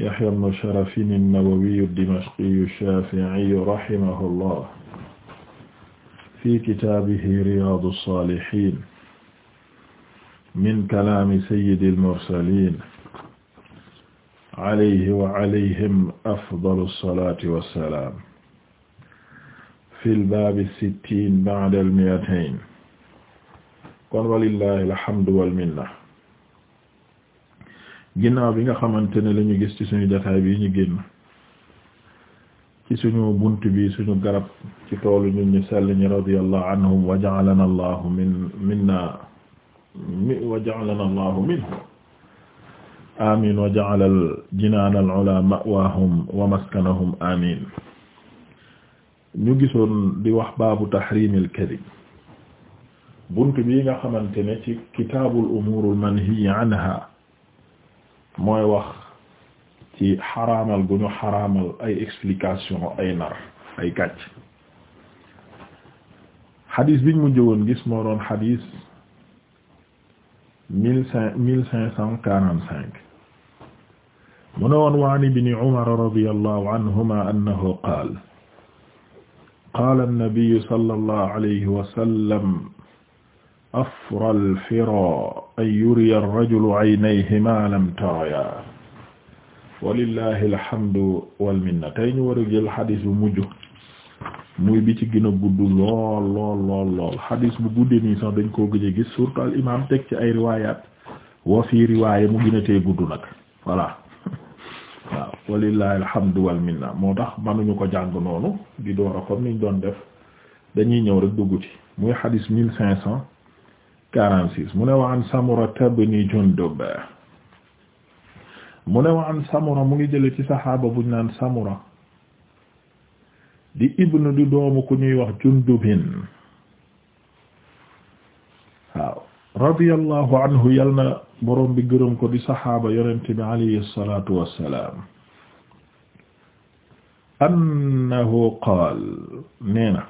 Yahya ibn Sharafin an-Nawawi ad-Dimashqi ash-Shafi'i rahimahullah fi kitaabihi Riyaadu as-Saalihiin min kalaami sayyidil mursaliin alayhi wa alayhim afdalu as-salaati was-salaam fil baabi as-sittiin ba'da al-mi'atayn kon walillaahi alhamdu wal minna ginnaaw bi nga xamante ne la ñu gis ci suñu jotaay bi ñu génn ci suñu bunt bi suñu garab ci toolu ñun ñu sell ñi radiyallahu anhum wa ja'alana allahu minna wa ja'alana allahu minhum amin wa ja'ala jinaan al ula wa maskanahum amin ñu gisoon di wax baabu tahrimil kadhib bunt bi nga xamante ne ci kitaabul umuuril manhiyyi anha mooy wax ci xaraamal gu ñu xaraamal ay explication ay nar ay gàcc xadis biñ mu jëwoon gis moo doon xadis mille cinq mille cinq cent quarante cinq mu ne woon waan ibni umar radiyallahu anhuma annahu qaal qaala annabiyu sallallahu alayhi wa sallam afral fira an yuriya ar-rajulu aynayhi ma lam taraya walillahi alhamdu wal tey ñu war a jël xadis bu mujj muy bi ci gën a gudd lool lool lool lool bu guddee nii sax dañ ko gëj gis surtout al imam teg ci ay riwayat wa fii riwaaya mu gën a tee gudd nag voilà waaw walillahi alhamdu wal minna moo tax mënuñu ko jàng noonu di door a comme niñ doon def dañuy ñëw rek dugg ci muy xadis mille cinq cents 46 mu ne wa an Samura ibn Jundub mu ne wa an Samura mu ngi jële ci saxaaba buñ naan Samura di ibnu di doomu ku ñuy wax Jundubin waaw radiyallahu anhu yal na borom bi gërëm ko di saxaaba yonente bi alayhi salatu wassalaam annahu qaal nee na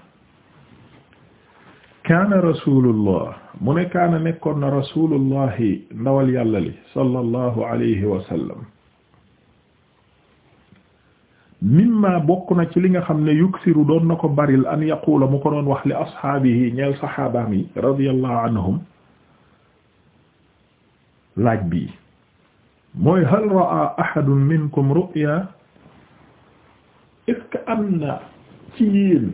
kaana rasulullah mu ne kaana nekkoon na rasulullahi ndawal yàlla li sallallahu alayhi wa sallam mimma bokk na ci li nga xam ne yuksiru doon na ko baril an yaquula mu ko doon wax li ashaabihi ñeel saxaabaam yi radiyallahu anhum laaj bii mooy hal raa ahadun minkum ru'ya est-ce que am na ci yéen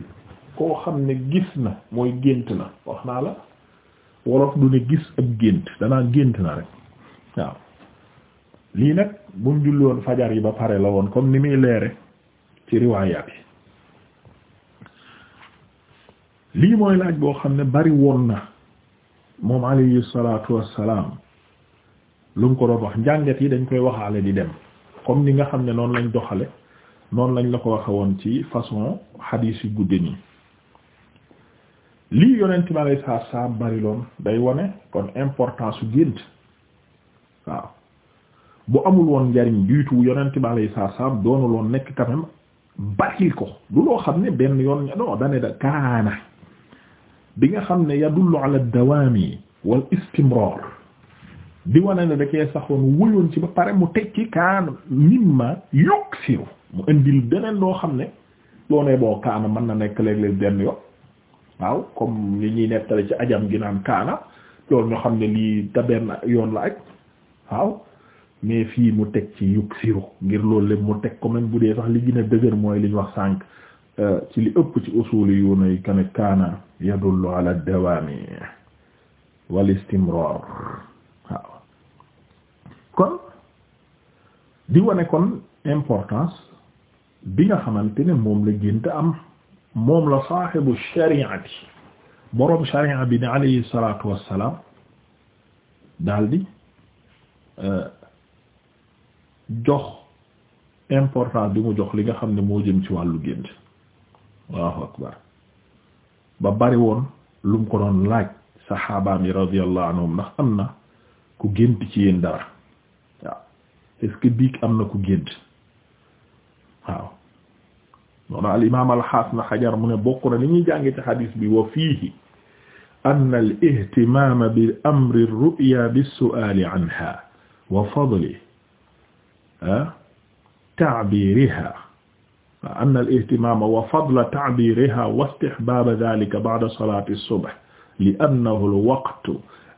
koo xam ne gis na mooy gént na wax naa la wolof du ne gis ak gént danaa gént na rek waaw lii nag buñ julli woon fajar yi ba pare la woon comme ni muy leere ci riwaayaat yi lii mooy laaj boo xam ne bari woon na moom alayhi salaatu wassalaam lu mu ko doon wax njànget yi dañ koy waxaale di dem comme ni nga xam ne noonu lañ doxale noonu lañ la ko waxe woon ci façon xadiis yu gudde nii lii yonent bi alay saa saa bari loon day wone kon importance su gént waaw bu amul woon njariñ du tout yonent bi alay saa saa doonul woon nekk quand même bari ko du loo xam ne benn yoon non dane da kaana bi nga xam ne yadullu ala dawaami wal istimrar di wane ne da ci ba pare mu tekki kaana mimma yuksiru mu indil beneen loo xam ne loo ne boo kaana mën na nekk léeg-léeg benn yoon waaw comme li ñuy nettali ci ajam gi naan kaana loolu ñu xam ne lii da benn yoon la ak waaw mais fii mu teg ci yug ngir lool lépp mu teg ko bu dee sax li gin a dëgër mooy li ñu wax sànk euh, ci li ëpp ci usuli yu nay kan kaana yadullu ala dawaami wal istimrar waaw kon di wane kon importance bi nga xamante ne moom la gént am moom la saaxibu shari'ati boroom shari'a bi ne alayhi salaatu wassalaam daldi euh, jox important bi mu jox li nga xam ne moo jëm ci wàllu gént Allahu akbar ba bari woon lu mu ko doon laaj saxaabaam yi radiyallahu anhum ndax am na ku gént ci yéen dara waaw est que biig am na ku gént noonu al imaam al xaas na xajar mu ne bokk na li ñuy jànge ci xadiis bi wa fiihi an al ihtimaam bi amri ru'ya bi su'aali anha wa fadliha ah, ta'biiriha an al ihtimaam wa fadla ta'biiriha wa istihbaaba dhaalika ba'da salaati subh li annahu al waqtu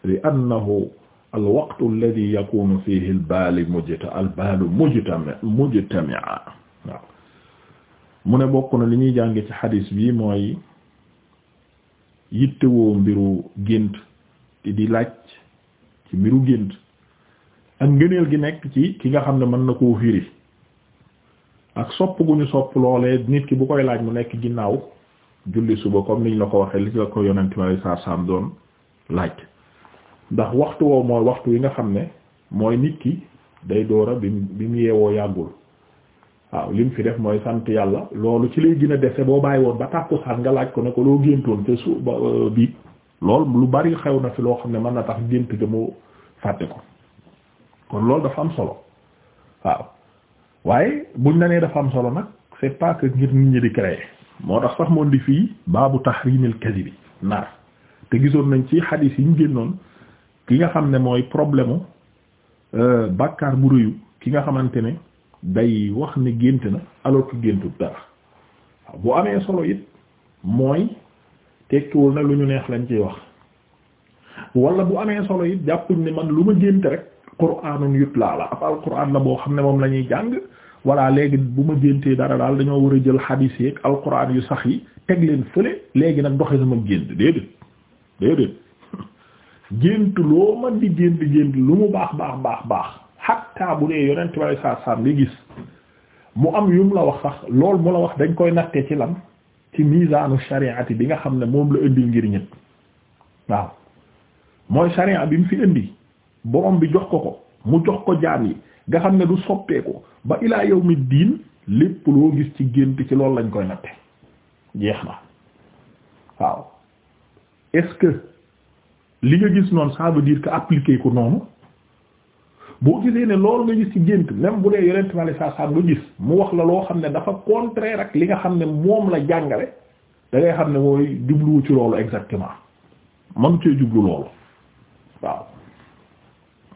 li annahu al waqtu alladhii yakuunu fiihi al baalu mujtami'an mujtami'an waaw mu ne bokk na li ñuy jànge ci xadiis bii mooy yittewoo mbiru gént te di laaj ci mbiru gént ak ngëneel gi nekk ci ki nga xam ne mën na koo firi ak sopp gu ñu sopp loolee nit ki bu koy laaj mu nekk ginnaaw julli suba comme niñ la ko waxee li la ko yonent ma saa saam doon laaj ndax waxtu woow mooy waxtu yi nga xam ne mooy nit ki day doora bi bi mu yeewoo yàggul waaw lim fi def mooy sant yàlla loolu ci lay gën a dese boo bàyyi woon ba tàkkusaan nga laaj ko ne ko loo géntoon te su euh, bi lool lu bari xew na fi loo xam ne mën na tax gént ga kon loolu dafa am buñ la nee dafa nag c'est pas que ngir nit moo tax sax moom di fii baabu tahrimil kadhibi nar te gisoon nañ ci xadiis yi ñu génnoon ki nga xam ne mooy problème u euh, bàkkaar bu rëyu ki nga xamante ne day wax ni gént na alors que géntu dara bu amee solo it mooy tekkiwul na lu ñu neex lañ ciy wax walla bu amee solo yit jàppuñ ne man lu ma gént rek qur'aanun yutlaa la ab alquraan la boo xam ne moom lañuy jàng voilà léegi bu ma géntee dara daal dañoo war a jël xadiis yeeg alquraan yu sax yi teg leen fële léegi nag doxe sama gént déedéet déedéet gént loo man di gént gént lu mu baax baax baax baax hatta bu dee yonent bi sallallahu alayhi wasallam gis mu am yum la wax sax lool mu la wax dañ koy nattee ci lan ci misaanu yi bi nga xam ne moom la indil ngir ñëpp waaw mooy sharia bi mu fi indi borom bi jox ko ko mu jox ko jaam yi nga xam ne du soppeeku ba ilaa yawmi diin lépp loo gis ci gént ci loolu lañ koy natte jeex na waaw est-ce li nga gis noonu ça veut dire que ko noonu boo gisee ne loolu nga gis ci gént même bu dee yonent ma la saa saa nga gis mu wax la loo xam ne dafa contraire ak li nga xam ne moom la jàngale da ngay xam ne mooy jubluwu ci loolu exactement man cee jublu loolu waaw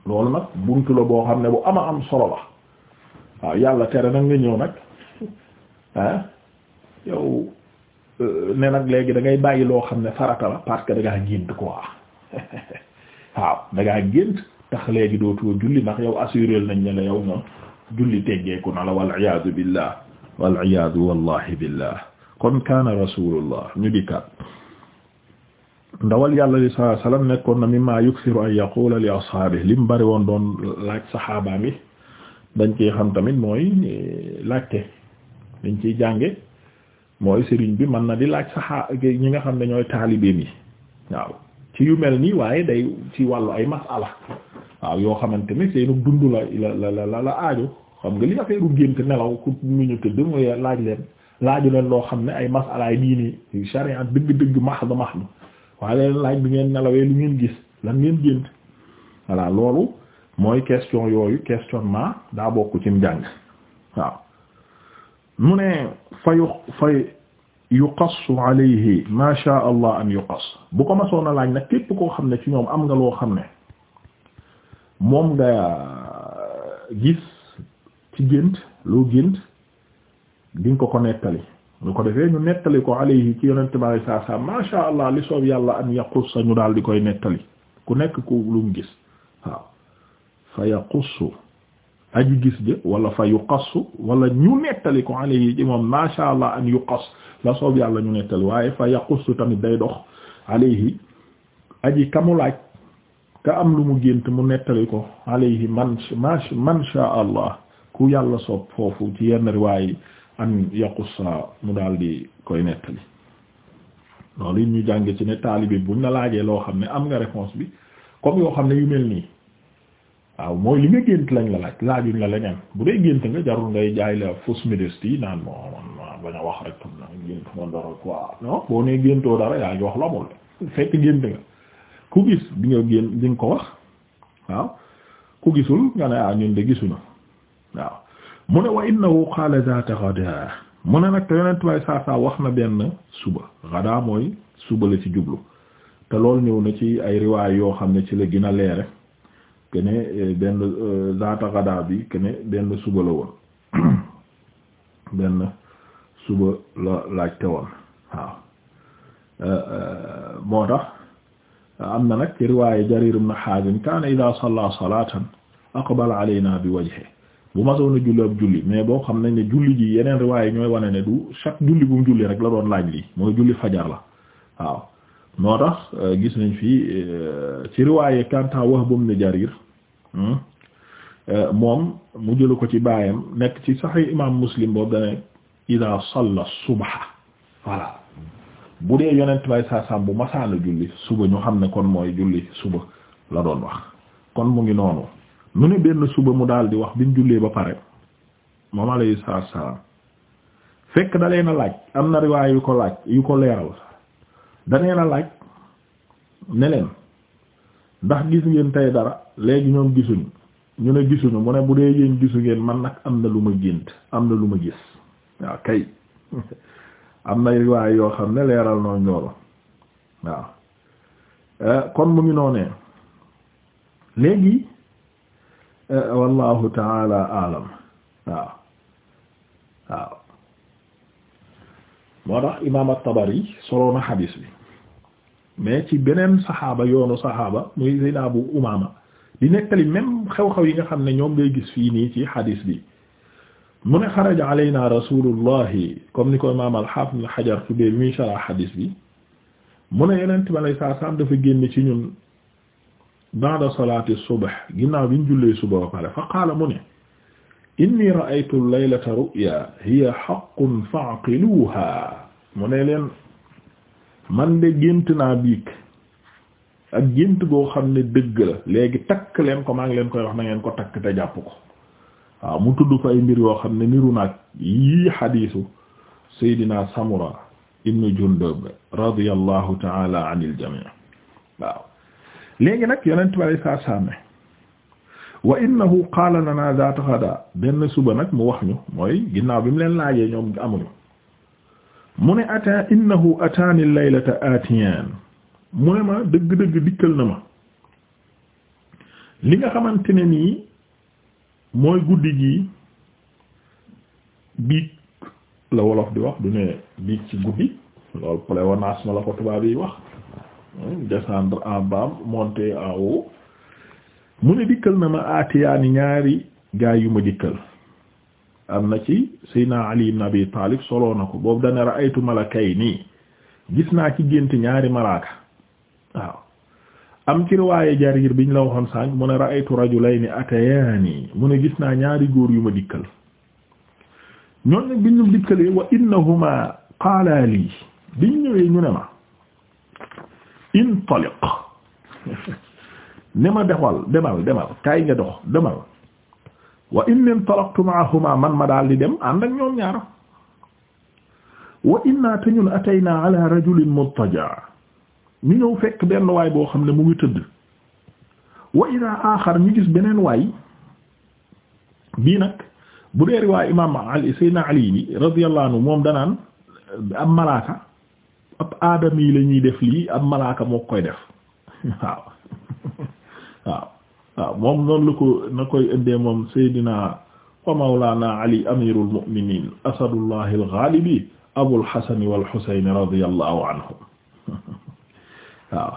loolu nag buntu la boo xam ne bu ama am solo la waaw yàlla tere nag nga ñëw nag ah yow euh, ne nag léegi da ngay bàyyi loo xam ne farata la parce que da ngaa gént quoi waaw da gént tax léegi dootoo julli ndax yow assuré nañ ne la yow moom julli teggeeku na la wal iyaadu billah wal iyaadu wallahi billah kon kaana rasulullah ñu di kat ndawal yàlla li sallallahu alayhi nekkoon na mimma yuksiru an yaqula li ashaabihi lim bari woon doon laaj saxaabaa mi dañ ciy xam tamit mooy laajte dañ ciy jànge mooy sëriñ bi mën na di laaj saxaa ñi nga xam ne ñooy taalibeem yi waaw ci yu mel nii waaye day ci wàllu ay masala waaw yoo xamante ni seenu dund la la la la aajo xam nga li affaire gént nelaw ku mu ñu tëdd mu laaj leen laaju leen loo xam ne ay masalaay diini sharia dëgg-dëgg max da max da waaye leen laaj bi ngeen nelawee lu ngeen gis lan ngeen gént voilà loolu mooy question yooyu questionnement daa bokk ci njàng waaw mu ne fa yu fa yuqassu alayhi ma sha allah an yuqass bu ko masoon a laaj nag képp koo xam ne ci ñoom am nga loo xam ne moom nga gis ci gént lu gént dinga ko ko nettali lu ko defee ñu nettali ko alayhi ci yonent bi alayhi salaatu ma sha allah li soob yàlla an yaqussa ñu daal di koy nettali ku nekk ku lu mu gis fa yaqussu aji gis jë walla fa yu yuqassu wala ñu nettali ko alayhi ci moom ma sha allah an yuqass la soob yàlla ñu nettali waaye fa yaqussu tamit day dox alayhi aji kamulaaj ka am lu mu gént mu nettali ko alayhi man man sha allah ku yàlla sopp foofu ci yenn riwaay an yaqussa mu daal di koy nettali loolu it ñu jàng ci ne taalibe buñ la laajee loo xam ne am nga réponse bi comme yoo xam ne yu mel nii waaw mooy li nga gént lañ la laaj laajuñ la leneen bu dee gént nga jarul ngay jaay la fausse modestie naan mo man bañ a wax rek comme na géntoo dara yaa ngi wax lu fekk gént nga ku gis di nga génn di nga ko wax waaw ku gisul nga ne ah ñun de gisuna waaw mu ne wa innahu qaala zaata ghadaa mu ne nag te yonent way saa saa wax na benn suba ghadaa mooy suba la ci jublu te loolu ñëw na ci ay riwaay yoo xam ne ci la gën a leere kene eh, benn eh, zaata ghadaa bi kene benn suba la woon benn suba la laajte woon waaw eh, moo tax am na nag riwaaye Jarir ibn Hazim kaana idaa salla salaatan aqbala alaynaa bi wajhi bu ma soona julli ab julli mais boo xam nañ ne julli ji yeneen riwaaye ñooy wane ne du chaque julli bu mu julli rek la doon laaj lii mooy julli fajar la waaw moo euh, gis nañ fii euh, ci riwaaye kanta Wahb ibn Jarir hmm, euh, moom mu jëlu ko ci baayam nekk ci Sahih imam Muslim boobu dane idaa salla subha voilà bu dee yonent may saasam bu masaana julli suba ñu xam ne kon mooy julli suba la doon wax kon mu ngi noonu mu ne benn suba mu daal di wax bi mu jullee ba pare moom alayhi salaam fekk da leen laaj am na riwaay yu ko laaj yu ko leeral da leen a laaj ne leen ndax gis ngeen tey dara léegi ñoom gisuñu ñu ne gisuñu mu ne bu dee yéen gisu ngeen man nag am na lu ma gént am na lu ma gis waaw kay am na riwaay yoo xam ne leeral noonu loolu waaw eh, kon mu ngi noonee léegi eh, wallahu taala alam waaw waaw moo tax imaam at-Tabari soloona xadiis bi mais ci beneen saxaaba yoonu saxaaba muy Zayd Abu Umaama di nettali même xew-xew yi nga xam ne ñoom lay gis fii nii ci xadiis bi mu ne xaraja alaynaa rasulullahi comme ni ko imaam al-Haafiz Ibn Hajar tuddee bi muy sharh hadis bi mu ne yonent bi alayhi salaatu dafa génn ci ñun ba'da salaati subh ginnaaw bi ñu suba ba pare fa qaala mu ne inni ra'aytu laylata ru'ya hiya haqqun fa'qiluha mu ne leen man de gént naa biig ak gént goo xam ne dëgg la léegi takk leen ko maa ngi leen koy wax na ngeen ko takk te jàpp ko waaw mu tudd fa ay mbir yoo xam ne niru naag yii xadiisu Seydina Samura ibnu Jundub radiyallahu taala anil jamii waaw léegi nag yonent bi saa saam benn suba nag mu wax ñu mooy ginnaaw bi mu leen laajee ñoom amuñu mu ne ataa innahu ataani laylata aatiyaan mu ne ma dëgg-dëgg dikkal na ma li nga xamante ne nii mooy guddi gi biig la wolof di wax du ne biig ci guddi loolu pléonasme la ko tubaab yi wax hmm, descendre en baam monter en haut mu ne dikkal na ma aatiyaani ñaari gaa yu ma dikkal am na ci Seydina Ali ibn Abi Talib na ko boobu dana ra'aytu malakayni gis naa ci gént ñaari malaaka waaw am ci riwaaye jarir biñ la waxoon sànq mu ne ra'aytu rajulayni atayaani mu ne gis naa ñaari góor yu ma dikkal ñoon nag biñ ñu dikkalee wa innahuma qaala ne ma intaliq ne ma doxal demal demal kaay nga dox demal wa inni intalaqtu ma'ahuma man ma daal di dem ànd ak ñoom ñaar wa inna te ñun ataynaa ala rajulin ñu ñëw fekk benn waay boo xam ne mu ngi tëdd wa ila axar ñu gis beneen waay bii nag bu dee riwaay imaam Ali Seydina Ali bi radiyallahu anhu moom danaan ab malaaka ab aadam yi la ñuy def lii ab malaaka moo koy def waaw waaw waaw moom noonu la ko na koy indee moom Seydina wa mawlaana Ali amirul mu'miniin asadullahi al-ghaalibi abul hasan wal husayn radiyallahu anhum waaw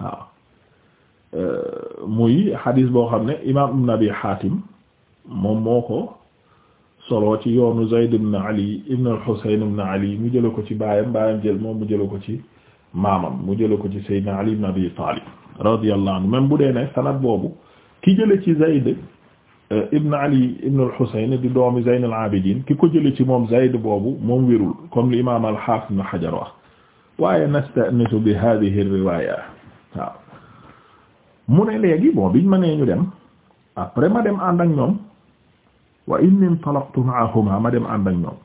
waaw euh, muy xadiis boo xam ne imaam ibn abi xaatim moom moo ko solo ci yoonu zayd ibn ali ibn al-husayn ibn ali mu jële ko ci baayam baayam jël moom mu jële ko ci maamam mu jële ko ci sayyidina ali ibn abi talib radiyallahu anhu même bu dee ne sanad boobu ki jële ci zayd euh, ibn ali ibn al-husayn di doomi zayn al-abidin ki ko jële ci moom zayd boobu moom wérul comme l'imam al-hafiz ibn hajar wax waaye nastanisu bi hadhihi riwaya mu ne léegi bon ma nee ñu dem après ma dem ànd ak ñoom wa inni intalaqtu ma'ahuma ma dem ànd ak ñoom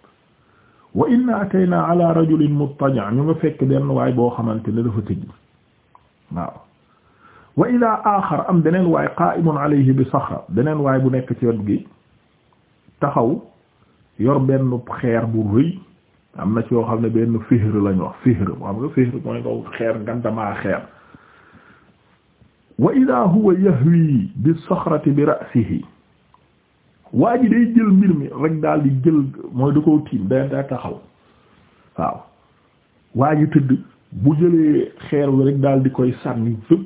wa inna atayna ala rajulin muttaja' ñu nga fekk benn waay boo xamante ne dafa tëj waaw wa ila axar am beneen waay qa'imun alayhi bi saxra beneen waay bu nekk ci wet gi taxaw yor benn xeer bu rëy am na ci yoo xam ne benn fihr lañu wax fihr xam nga fihr mooy ngaw xeer ngandamaa xeer wa ida huwa yahwi bi soxrati bi ra'sihi waa ji day jël mbir mi rek daal di jël mooy da koo tiim day taxaw waaw waa bu jëlee xeer wi daal di koy sànni fépp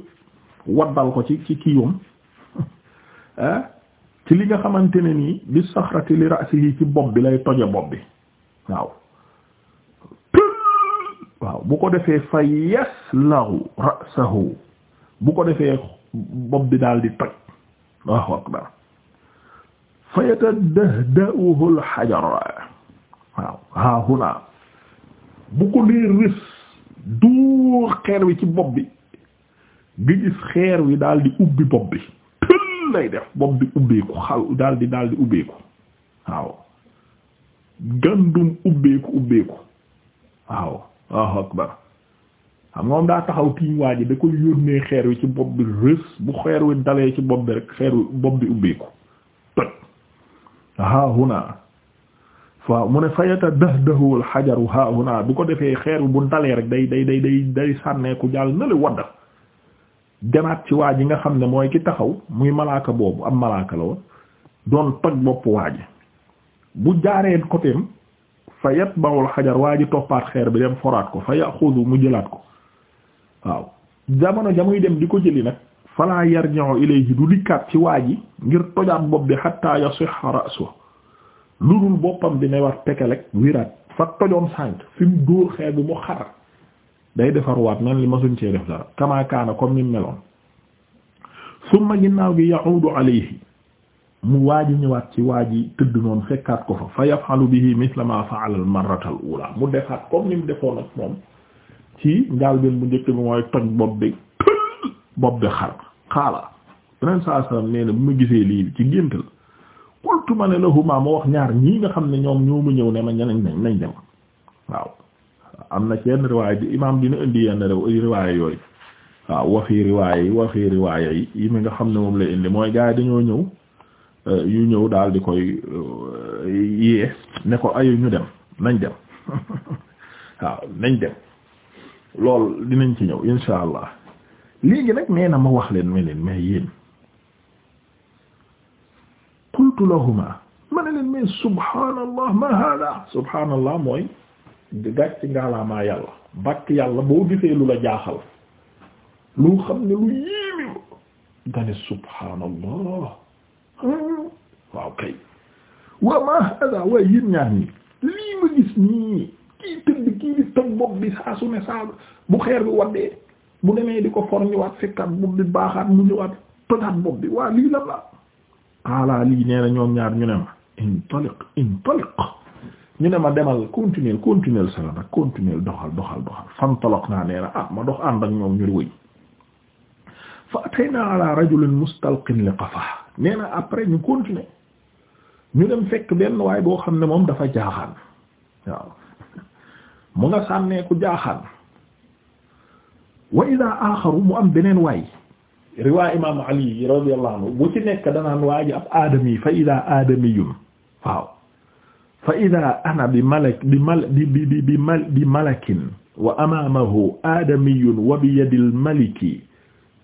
waddal ko ci ci kiiwam ah, ci li nga xamante ne nii bi soxrati li ra'sihi ci bopp bi lay toje bopp bi waaw waaw bu ko defee fa yaslawu ra'sahu bu ko defee bopp bi daal di toj Allahu akbar fa yatadahda'uhu al-hajar waaw ha huna bu ko nee rës duur xeer wi ci bopp bi nga xeer wi daal di ubbi bopp bi tël lay def bopp bi ubbeeku xal daal di daal di ubbeeku waaw gandum ubbeeku ubbeeku waaw waaw akbar xam moom daa taxaw tiim waa ji da koy yónnee xeer wi ci bopp bi rës bu xeer wi dalee ci bopp bi rek xeer wi bopp bi ubbeeku toj ha huna fa mu ne fayata dahdahu al xajaru ha bu ko defee xeer bu dalee rek day day day day sànneeku jàll na li wadda ci waa ji nga xam ne mooy ki taxaw muy malaaka boobu am malaaka la woon doon toj bopp waa bu jaaree côtéem fa yatba'ul xajar waa ji toppaat xeer bi dem foraat ko fa yaxudu mu jëlaat ko waaw jamono jamuy dem di ko jëli nag fala yarji'u ilayhi du dikkaat ci waa ji ngir tojaat bopp bi hatta yasihha ra'su lu dul boppam bi ne war pekelek wiraat fa tojoon sànq fi mu dóor xeer bi mu xar day defar waat nan li masuñ cee def dara kama kaana comme ni meloon summa ginnaaw gi ya'udu alayhi mu waa ji ñëwaat ci waa ji tëdd noonu fekkaat ko fa fa yafalu bihi mithla ma fa'ala al marrata ula mu defaat comme ni mu defoon ak moom ci njaal benn bu njëkk bi mooy toj bopp bi bopp bi xar xaala beneen saa sallam nee bu ma gisee lii ci gént la ma ne lahuma ma wax ñaar ñi nga xam ne ñoom ñoo ma ñëw ne ma ñanañ nañ nañ dem waaw am na ci yenn riwaaya di imaam dina indi yenn riwaaya yooyu waaw wa fii riwaaya yi wa riwaaya yi yi mi nga xam ne moom lay indi mooy gaa yi ñëw Euh, yu ñëw daal di koy euh, yee ne ko ayu ñu dem nañ dem waaw nañ dem lool dinañ ci ñëw insha allah léegi nag nee na ma wax leen ma leen mais yéen qultu lahuma ma ne leen mais subhaanallah ma hada subhaanallah mooy gàcc ngaalaamaa yàlla bàkk yàlla boo gisee lu la jaaxal lu xam ne lu yéemi nga ne subhaanallah waaw kay waa maa hada waaye yéen ñaar ñi lii ma gis nii kii tëdd kii di tëb bopp bi saa su ne saa bu xeer bi waddee bu demee di ko for ñëwaat fekkaat bopp bi baaxaat mu ñëwaat tojaat bopp bi waa lii lan la xaalaa lii nee na ñoom ñaar ñu ne ma intaliq intaliq ñu ne ma demal continuer continuer sala nag continuer doxal doxal doxal fantalaq naa nee ah ma dox ànd ak ñoom ñu wëy fa atayna ala rajulin mustalqin li qafa nee na après ñu continuer ñu dem fekk benn waaye boo xam ne moom dafa jaaxaan waaw mu nga sànnee ku jaaxaan wa ida aaxaru mu am beneen waay riwaa imaamu ali radiyallahu anhu bu ci nekk danaan waa ji ab aadami fa ida aadamiyun waaw fa ida ana bi malak bi mal bi bi bi mal bi malakin wa amaamahu aadamiyun wa bi yadil maliki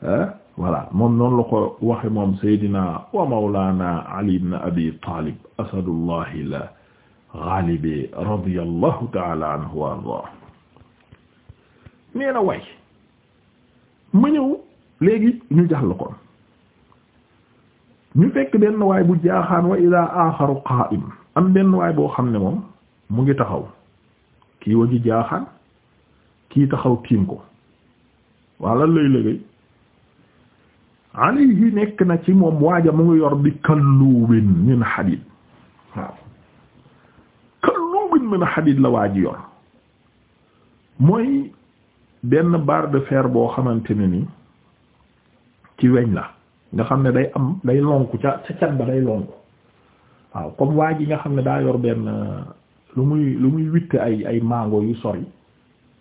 ah voilà moom noonu la ko waxe moom Seydina wa Mawlana Ali ibn Abi Talib asadullahi la ghalibi radiyallahu ta'ala anhu wa ardah nee na way ma ñëw léegi ñu jàll ko ñu fekk benn waay bu jaaxaan wa ila aaxaru qaa'im am benn waay boo xam ne moom mu ngi taxaw kii wa ngi jaaxaan kii taxaw tiim ko waa lan lay léegi alayhi nekk na ci moom waaja mu ngi yor bi kalluubin min xadid waaw mën a xadid la waaji yor mooy benn barre de fer boo xamante ne nii ci weñ la nga xam ne day am day lonku ca ca cat ba day lonku waaw comme waa yi nga xam ne daa yor benn lu muy lu muy witte ay ay mango yu sori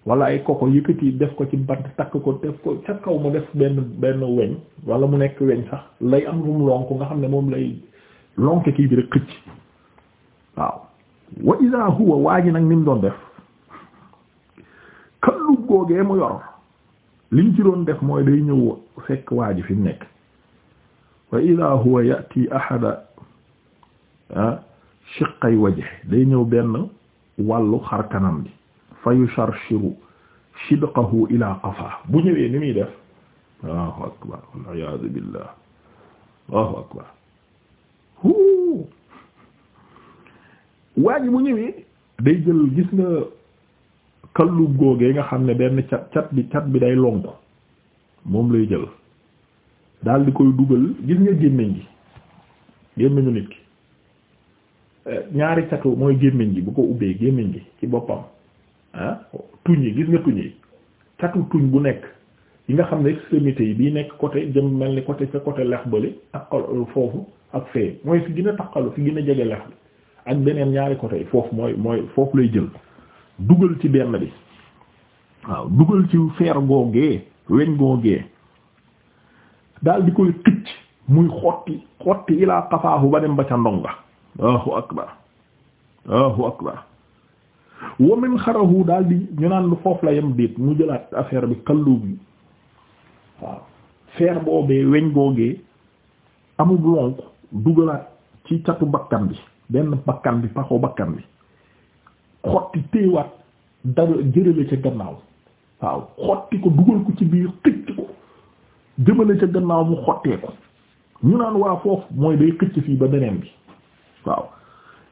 wala ay koko yëkkati def ko ci bant takk ko def ko ca kaw mu def benn benn weñ wala mu nekk weñ sax lay am lu lonk nga xam ne moom lay lonke kii bi rek xëcc waaw wa ida huwa waa nag ni mu doon def kallub googee mu yor liñ ci doon def mooy day ñëw fekk waa ji fi mu nekk wa ida huwa yati ahada ah, shiqay wajh day ñëw benn wàllu xar kanam bi fa yusharshiru shidqahu ila qafa bu ñëwee ni muy def allahu akbar waliyasu billah akbar waa ji bu ñëwee day jël gis nga kallub googee nga xam ne benn cat cat bi cat bi day lonk moom lay jël daal di koy dugal gis nga gémmiñ gi gémmiñu nit ki eh, ñaari catu mooy gémmiñ gi bu ko ubbee gémmiñ gi ci boppam ah tuñ yi gis nga tuñ yi catu tuñ bu nekk yi nga xam ne extrémité yi bii nekk côté jëm mel ni côté ca côté lex bali takkal foofu ak fee mooy fi gën a takkalu fi gën a jege lex bi ak beneen ñaari côté yi foofu mooy mooy foofu lay jël dugal ci benn bi waaw dugal ci feer googee weñ googee daal di koy xicc muy xotti xotti ilaa xafaahu ba dem ba ca ndonga Allahu akbar Allahu akbar wamin xarahu daal di ñu naan lu foofu la yem déet mu jëlaat affaire bi kalluub yi waaw feer boobee weñ googee amul lonk dugalaat ci catu bakkan bi benn bakkan bi paxo bakkan bi xotti téewaat dara jërale ca gannaaw waaw xotti ko dugal ko ci biir xëcc ko jëmale ca gannaaw mu xottee ko ñu naan waa foofu mooy day xëcc fii ba beneen bi waaw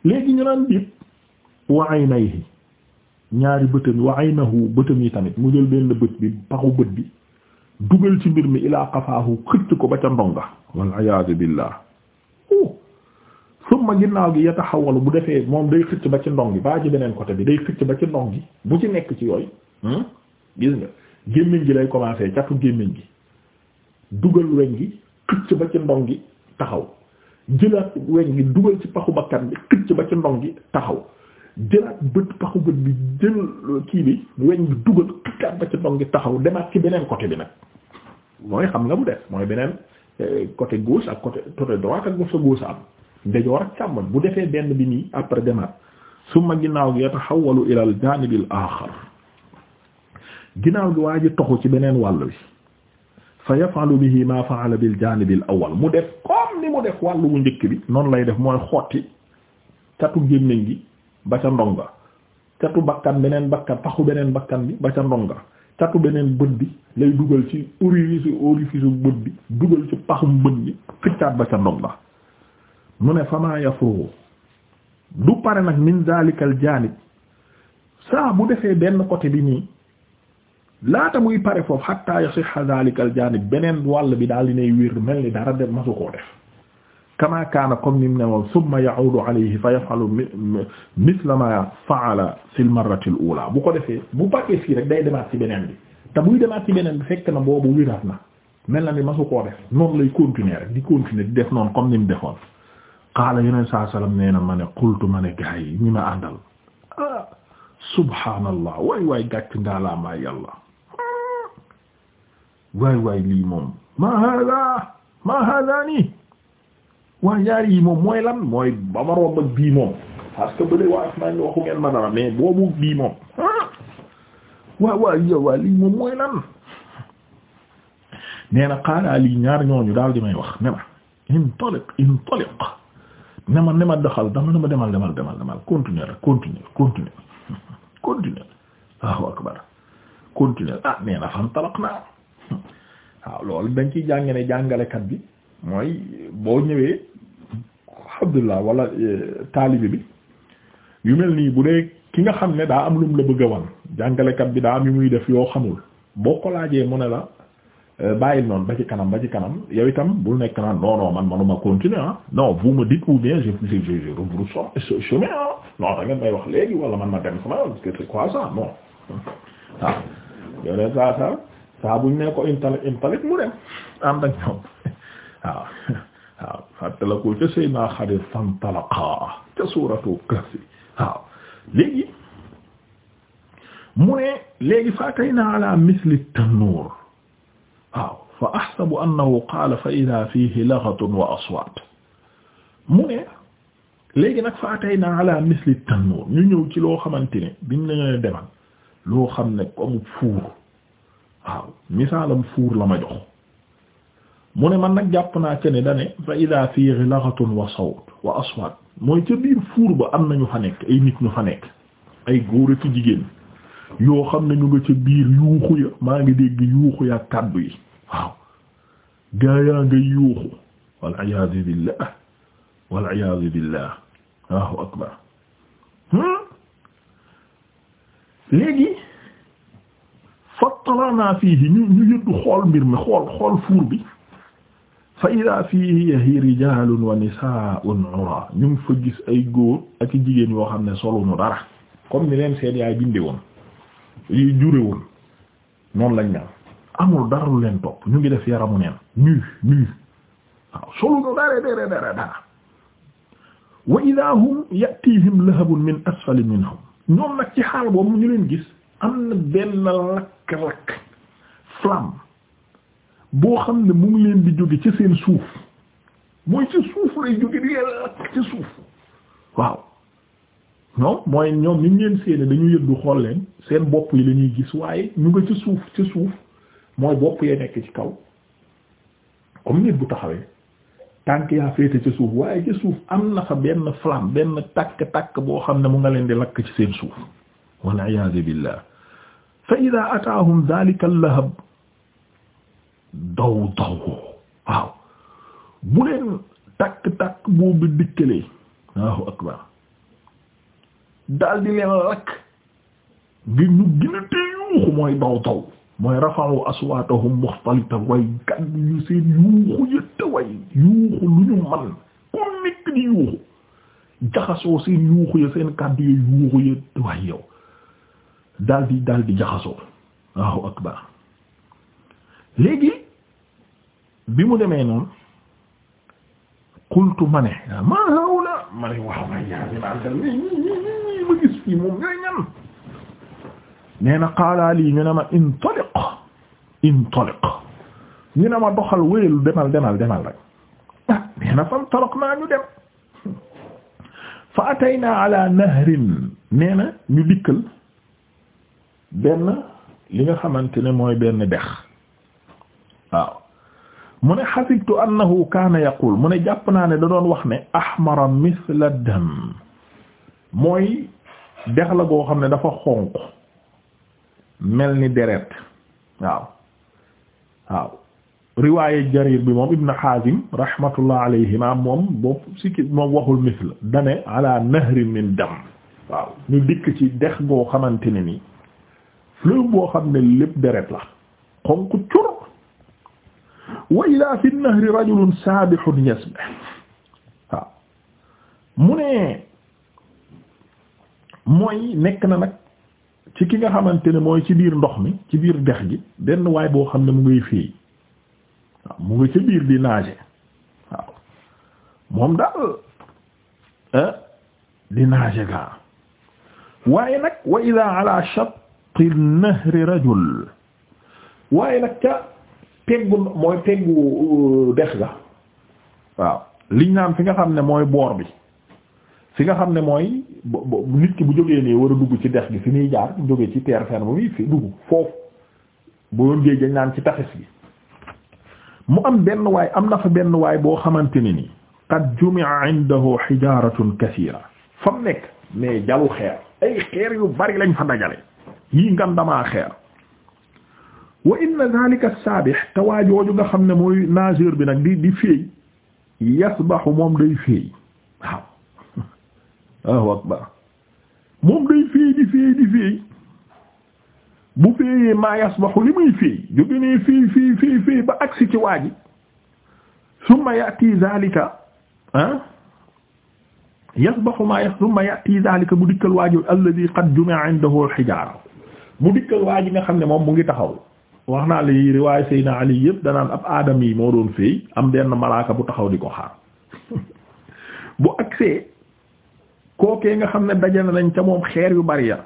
léegi ñu naan déet wa aynayhi ñaari bëtam wa aynahu bëtam yi tamit mu jël benn bët bi paxu bët bi dugal ci mbir mi ilaa xafaahu xëcc ko ba ca ndonga wal ayaadu billah summa ginnaaw gi yataxawalu bu defee moom day xëcc ba ci ndong gi baa ci beneen côté bi day xëcc ba ci ndong gi bu ci nekk ci yooyu hmm? gis nga gémmiñ gi lay commencer catu gémmiñ gi dugal weñ gi xëcc ba ci ndong gi taxaw jëlaat weñ gi dugal ci paxu bakkan bi xëcc ba ci ndong gi taxaw jëlaat bët paxu bët bi jël kii bi weñ bi dugal kikkaat ba ci ndong gi taxaw demaat ci beneen côté bi nag mooy xam nga mu def mooy beneen euh, côté gauche ak côté côté droite ak sa gauche am ndejoor ak càmmoñ bu defee benn bi nii après demaat summa ginnaaw gi yataxawalu ila al janib al axar ginnaaw gi waa ji toxu ci beneen wàll bi fa yafalu bihi ma faala bil janib al awal mu def comme ni mu def wàll wu njëkk bi noonu lay def mooy xotti catu gémmiñ gi ba ca ndonga catu bakkan beneen bakkan taxu beneen bakkan bi ba ca ndonga catu beneen bët bi lay dugal ci orifice orifice bët bi dugal ci paxum bët bi xëccaat ba ca ndonga mu ne fama yafruhu du pare nag min zalikal janib saa bu defee benn côté bi nii laata muy pare foofu hatta yasiha zalikal janib beneen wàll bi daal dinay wér mel ni dara dem masu def kama kaana comme ni mu ne woon summa ya'udu alayhi fa yaf'alu misla ma fa'ala fil marrati al-ula bu ko defee bu bàggee fii rek day demaat ci beneen bi te buy demaat ci beneen bi fekk na boobu wiraat na mel na ni masu koo def noonu lay continuer rek di continuer di def noonu comme ni mu defoon qaala yeneen saa salaam nee na ma ne qultu ma ne gaa yi ñi ma àndal ah subhaanallah waay waay gàcc ngaalaa maa yàlla ah, waay waay lii moom ma hada ma hada nii waa ñaari yi moom mooy lan mooy ba ma romb ak bii moom parce que bële waa af naan waxu ngeen ma dara mais boobu bii moom ah waaw waa lii moom mooy lan nee na lii ñaar ñooñu daal di may wax ne ma intaliq intaliq ne ma daxal dama ne ma demal demal demal demal continuer rek continuer continuer continuer waaw akbar continuer ah nee fan talaq naa waaw loolu dañ ciy jàng ne jàngalekat bi mooy boo ñëwee Abdullah wala eh, taalibe bi yu mel nii bu dee ki nga xam ne daa am lum la bëgg a wan jàngalekat bi daa am yu muy def yoo xamul boo ko laajee mu ne la eh, bàyyil noonu ba ci kanam ba ci kanam yow itam bul nekk naan non non man manuma continuer ah non vous me dites ou bien je je je rebrousse chemin ah non da may wax léegi wala man ma dem sama parce que c'est quoi ça ah. ne ko intalik intalik am dañ waaw waaw fàttala ko ca sëy naa xadir fantalaqaa ca suuratu kahfi waaw léegi mu ne léegi fa ataynaa ala misli tannuur waaw fa ahsabu annahu qaala fa idaa fiihi lagatun wa aswaat mu ne léegi nag fa ataynaa ala misli tannuur ñu ñëw ci loo xamante ne biñ nañoo demal loo xam ne comme fuur waaw misaalam fuur la ma jox mu ne man nag jàpp naa ke ne dane fa ida fi ghilghatun wa sawt wa aswat mooy ca biir fuur ba am nañu fa nekk ay nit ñu fa nekk ay góor ak jigéen yoo xam ne ñu nga ca biir yuuxu ya maa ngi dégg yuuxu ya kàddu yi waaw gaa yaa nga yuuxu waliyasu billah waliyasu billah akbar hmm léegi fattalana fiihi ñu ñu yëddu xool mbir mi xool xool fuur bi fa ida fiihi rijalun wa nisaa'un ura ñu fa gis ay góor ak jigéen yoo xam ne soluñu dara comme ni leen seen yaay binde woon jure woon noonu lañ mel amul dara lu leen topp ñu ngi def yaramu neen nu nu waaw soluñu dara dara dara dara wa ida hum yatihim lahabun min asfali minhum ñoom nag ci xaal ñu leen gis am na benn lakk-lakk boo xam ne mu ngi leen di jóge ci seen suuf mooy ci suuf lay jóge di leen lakk ci suuf waaw non mooy ñoom ni ngeen séene dañu yëddu xool leen seen bopp yi la ñuy gis waaye ñu nga ci suuf ci suuf mooy bopp yee nekk ci kaw comme nit bu taxawee tànk yaa féete ci suuf waaye ci suuf am na fa benn flamme benn takk-takk boo xam ne mu nga leen di lakk ci seen suuf wal iyaazu billah fa ida ataahum dhalika al lahab daw daw waaw bu leen takk-takk boobu dikkalee waaw akbar daal di leen lakk nga ñu gën yuuxu mooy daw daw mooy rafa'u aswaatahum mukhtalita way gàddu yu seen yuuxu yëtta way yuuxu lu ñu man ku nekk di yuuxu jaxasoo seen yuuxu ya seen kàddu ya yuuxu ya waaye yow daldi daldi jaxasoo waaw akbar léegi bi mu demee noonu qultu ma ne ma hawla ma ne waaw ma yaabi naantal mi ñi ma gis fii moom ñooy ñan nee na qaala lii ñu ne ma intaliq intaliq ñu ne ma doxal wéyelu demal demal demal rek ah nee na fantalaq naa ñu dem fa ataynaa ala nahrin nee na ñu dikkal benn li nga xamante ne mooy benn dex waaw mu ne xasibtu annahu kaana yaqul mu ne jàpp naa ne da doon wax ne ahmara mithla dam mooy dex la goo xam ne dafa xonq mel ni deret waaw waaw riwaaye jarir bi moom ibn hazim rahmatullah alayhima moom bopp sikki moom waxul mithla dane ala nahrin min dam waaw ñu dikk ci dex goo xamante ne ni fleuve boo xam ne lépp deret la xonq cur wa ila fi nahri rajulun saabihun yasbih waaw mu ne mooy nekk na nag ci ki nga xamante ne mooy ci biir ndox mi ci biir dex gi benn waay boo xam ne mu ngay féey waaw mu nga ca biir di nager waaw moom daal ah, di nager gaa waaye nag wa ila ala shatt an-nahri rajul waaye nag ca peggu mooy peggu euh, dex ga waaw liñ naan fi nga xam ne mooy boor bi fi nga xam ne mooy nit ki bu jógee nii war a dugg ci dex gi fi muy jaar jógee ci terre ferme bi fi dugg foofu bu doon géej dañ naan ci tafes bi mu am benn waay am na fa benn waay boo xamante ne ni qad jumi'a indahu hijaratun fa mu nekk mais jalu xeer ay xeer yu bari lañ fa dajale yii ngam damaa xeer wa inna zalika saabih te waajooju nga xam ne mooy nageur bi nag di di féey yasbahu moom day féey waaw waaw akbar moom day féey di féey di féey bu féeyee maa yasbahu li muy féey jóge nee féey féey féey féey ba agsi ci waaji summa yati zalika ah yasbahu maa yas summa yati zalika mu dikkal waaji alladi qad jumi'a indahu al-hijaara mu dikkal waaji nga xam ne moom mu ngi taxaw wax naa la yi riwaay Seydina Ali yëpp danaan ab aadam yi moo doon feey am benn malaaka bu taxaw di ko xaar bu agsee kookee nga xam ne dajana nañ ca moom xeer yu bari ya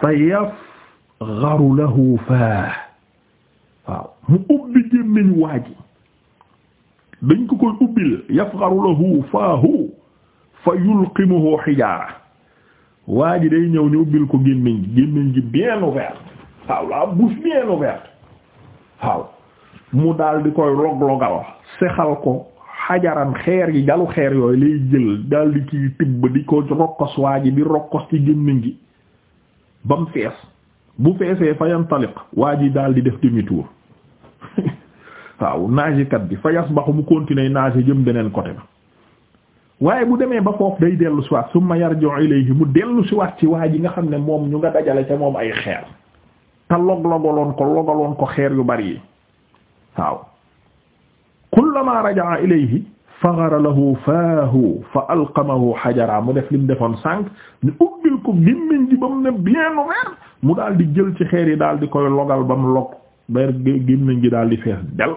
fa yafgharu lahu faa waaw fa yulqimuhu hijaara waa ji day ñëw ñu ubbil ko gémmiñ gi gémmiñ gi bien ouvert waaw la bouche bien mu daal di koy log-logal sexal ko xajaran xeer yi jalu xeer yooyu lay jël dal di kiy tibb di ko rokkos waa ji di rokkos ci gémmiñ gi ba mu fees bu feesee fa yantaliq waa ji daal di def demi tour waaw naajikat bi fa yasbaxu mu continuer naage jëm beneen côté ba waaye bu demee ba foofu day dellu siwaat summa yarji'u ilayhi mu dellu siwaat ci waa ji nga xam ne moom ñu nga dajale ca moom ay xeer te log-logaloon ko logaloon ko xeer yu bari yi waaw kullama rajaa ilayhi faghara lahu faahu fa alqamahu xajara mu def lim defoon sànq ñu ubbil ko gémmiñ ji ba mu ne bien ouvert mu daal di jël ci xeer yi daal di koy logal ba mu log ber gémmiñ gi daal di fees del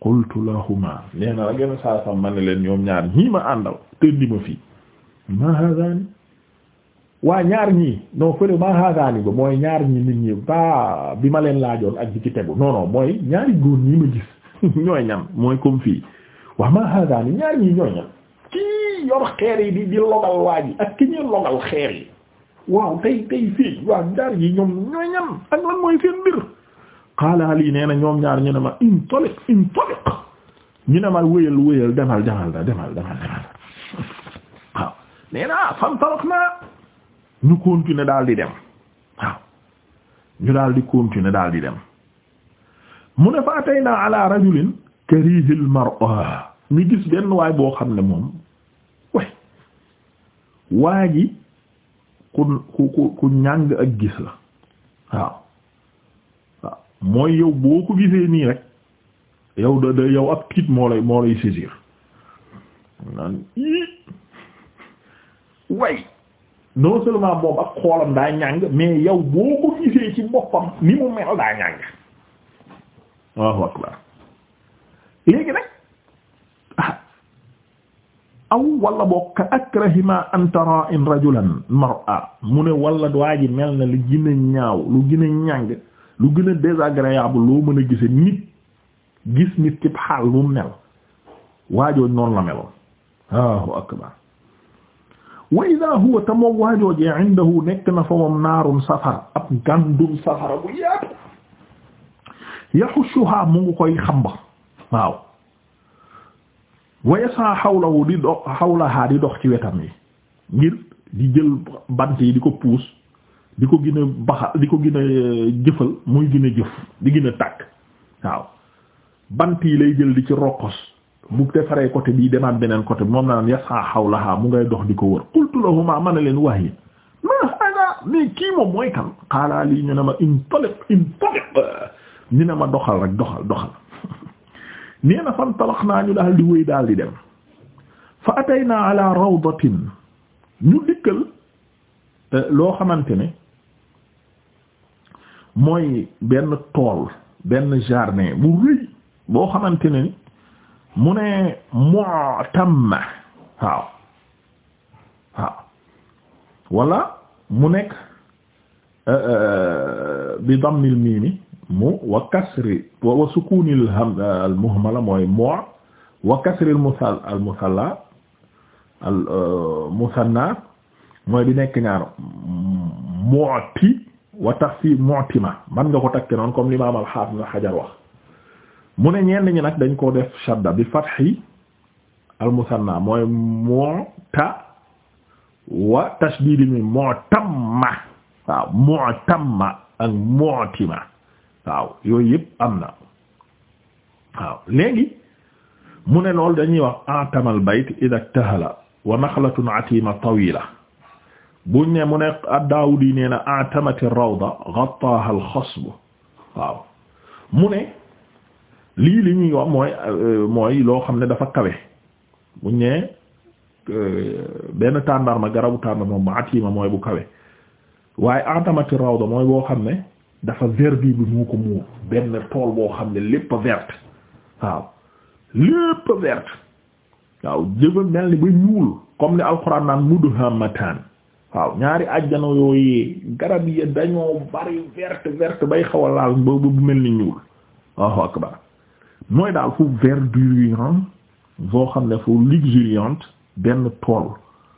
qultu lahuma nee na la gën saa sam leen ñoom ñaar ñii àndal tëndi ma fii ma haadani waa ñaar ñii non fële maa xaagaani ba mooy ñaar ñi nit ñi ba bi ma leen laajoon ak bi ci tegu non non mooy ñaari góor ñi ma gis ñooy ñan mooy comme fii waa maa xaagaani ñaar ñii ñooy ñan kii yor xeer yi di di logal waa ak ki ñuy logal xeer yi waaw tey tey fii waaw ñoom ñooy ñan ak lan mooy seen mbir xaala lii nee ñoom ñaar ñu ne ma intoliq intoliq ñu ne ma wéyal wéyal demal demal da demal fan toloq naa ñu continuer daal di dem waaw ñu daal di continuer dem mu ne fa atay naa ala rajulin karihil mar'a ñu gis benn waay boo xam ne moom way waa ji ku ku ku ku ñàng ak gis la waaw waaw mooy yow boo ko gisee nii rek yow da da yow ab tiit moo lay moo lay saisir naan non seulement moom ak xoolam daa ñàng mais yow boo ko gisee ci boppam ni mu mel daa ñàng waaw akbar léegi nag ah, aw wala boo ka akrahima an tara in rajulan mar'a mu ne wala waa mel na lu gën a ñaaw lu gën a ñàng lu gën a désagréable loo mën a gise nit gis nit ci xaal lu mel waajooj noonu la meloon waaw akbar wa idaa huwa te waajoojee indahu nekk na fa moom naarum safara ab gàndum safara bu yaatu yaxushuha mu ngi koy xamba waaw wa yasaa xawlahu di dox xawlahaa di dox ci wetam yi ngir di jël bant yi di ko puus di ko gën a di ko gën eh, jëfal muy gën a jëf di gën a waaw bant yi lay jël di ci roqos bu defaree côté bii demaat beneen côté moom na naan yasaa hawlaha mu ngay dox di ko wër qultu lahuma mën a leen wax yi ma hada mais kii moom kan xaalaa lii ñu ne ma intaliq intaliq ñu ne ma doxal rek doxal doxal nee na fan talax naa ñu daal di wéy daal di dem fa ataynaa ala rawdatin ñu dikkal eh, loo xamante ne mooy benn tool benn jardin bu rëy boo xamante ne mu ne mu'tamma waaw waaw wala mu nekk euh, euh, bi dammil miimi mu wa kasri wa sukunil ham euh, al muhmala mooy mu' wa kasri al musal al musalla al musanna mooy bi nekk ñaar mu'ti wa tax fi mu'tima man nga ko takke noonu comme l'imam al hafiz Hajar wax mu ne ñenn ñi nag dañ koo def shadda bi fathi al musanna mooy mu'ta wa tashdid mi mu'tamma waaw mu'tamma ak mu'tima waaw yooyu yëpp am na waaw mu ne loolu dañuy wax atamal bayt ida tahala wa naxlatun atima tawila buñ ne mu ne ad-Daawudi nee na atamati rawda ghattaha al mu ne lii li ñuy wax mooy euh, mooy loo xam ne dafa kawe buñ nee euh, benn tàndarma garabu tàndarma ba atima mooy bu kawe waaye entamati rawda mooy boo xam ne dafa verdure bi moo ko muur benn tool boo xam ne lépp a verte waaw lépp a verte waaw jëfa mel ni ba ñuul comme ni alxuraan naan mudhammatan waaw ñaari àjjana yooyu garab yi dañoo bari verte verte bay xaw a laal bu mel ni ñuul waaw akbar mooy daal fu verdurant boo xam ne fu luxuriante benn tool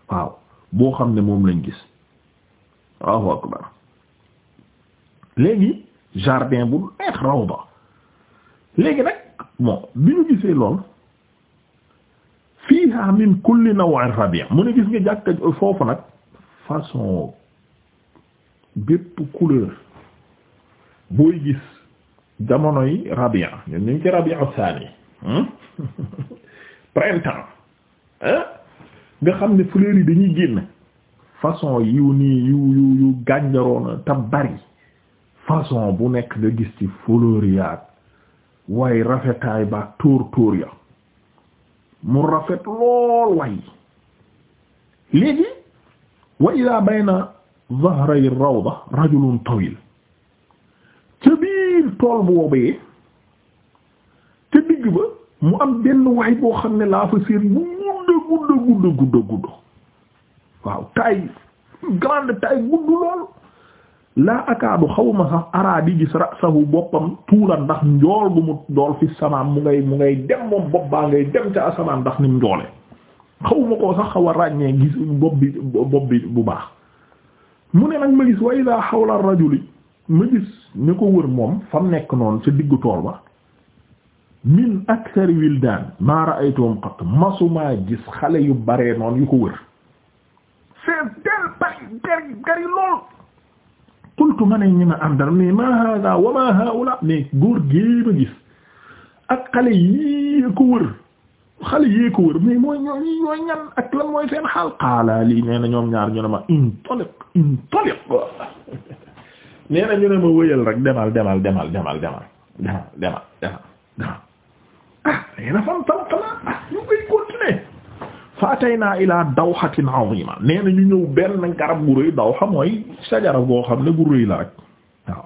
waaw boo xam ne moom lañ gis waaw akbar léegi jardin bu neex rawda léegi nag bon bi ñu gisee lool fiha min kulli gis nga foofu nag façon bépp couleur booy gis jamonoy rabia ñun ñu ngi ci rabia saani hmm? printemps eh? nga xam ne fleurs dañuy génn façon yiw nii yiw yu gànjaroona te bari façon bu nekk nga gis ci fleurs yaat waaye rafetaay ba tóor tóor ya mu rafet lool way léegi wa ila bayna zahray rawda rajulun tawil tool boobee te digg ba mu am benn waay boo xam ne laa fa séen bu gudda gudda gudda gudda waaw taay grande taay gudd lool laa akaadu xawma sax araab yi gis rasahu boppam tuula ndax njool bu mu dool fi samaan mu ngay mu ngay dem moom bopp baa ngay dem ca asamaan ndax ni mu njoole xawma koo sax xaw a ràññee gis bopp bi bopp bi bu baax mu ne nag ma gis wa idaa xawla rajuli ma gis ñu ko wër moom fa mu nekk noon ci diggu tool ba min akthar wildaan maa ra'aytuhum qat masumaa gis xale yu bare noonu yu ko wër c'est del bari bari lool qultu ma ne ñi ma àndal mais ma hada wa ma haula mais góor gée ma gis ak xale yii ko wër xale yii ko wër mais mooy ñooy ñan ak lan mooy seen xaal qaala lii nee na ñoom ñaar ñu ne ma intaliq intaliq nee na ñu ne ma wëyal rek demal demal demal demal demal demal demal demal ah nee na fan fan fanaan ah ñu koy continuer fa ataynaa ilaa dawxatin azima nee na ñu ñëw benn garab gu rëy dawxa mooy sajara boo xam ne gu rëy la rek waaw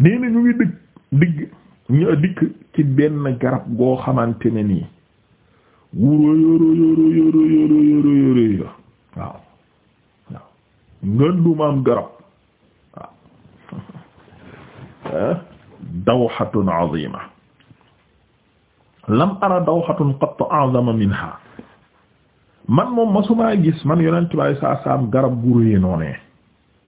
nee na ñu ngi dëgg digg ñu dikk ci benn garab goo xamante ne nii wuro yoro yoro yoro yoro yoro yoro waaw waaw ngëndumaam garab dawhatun azima lam ara dawhatun qat a'zama minha man moom masumaa gis man yonent bi saa saam garab gu rëy noonee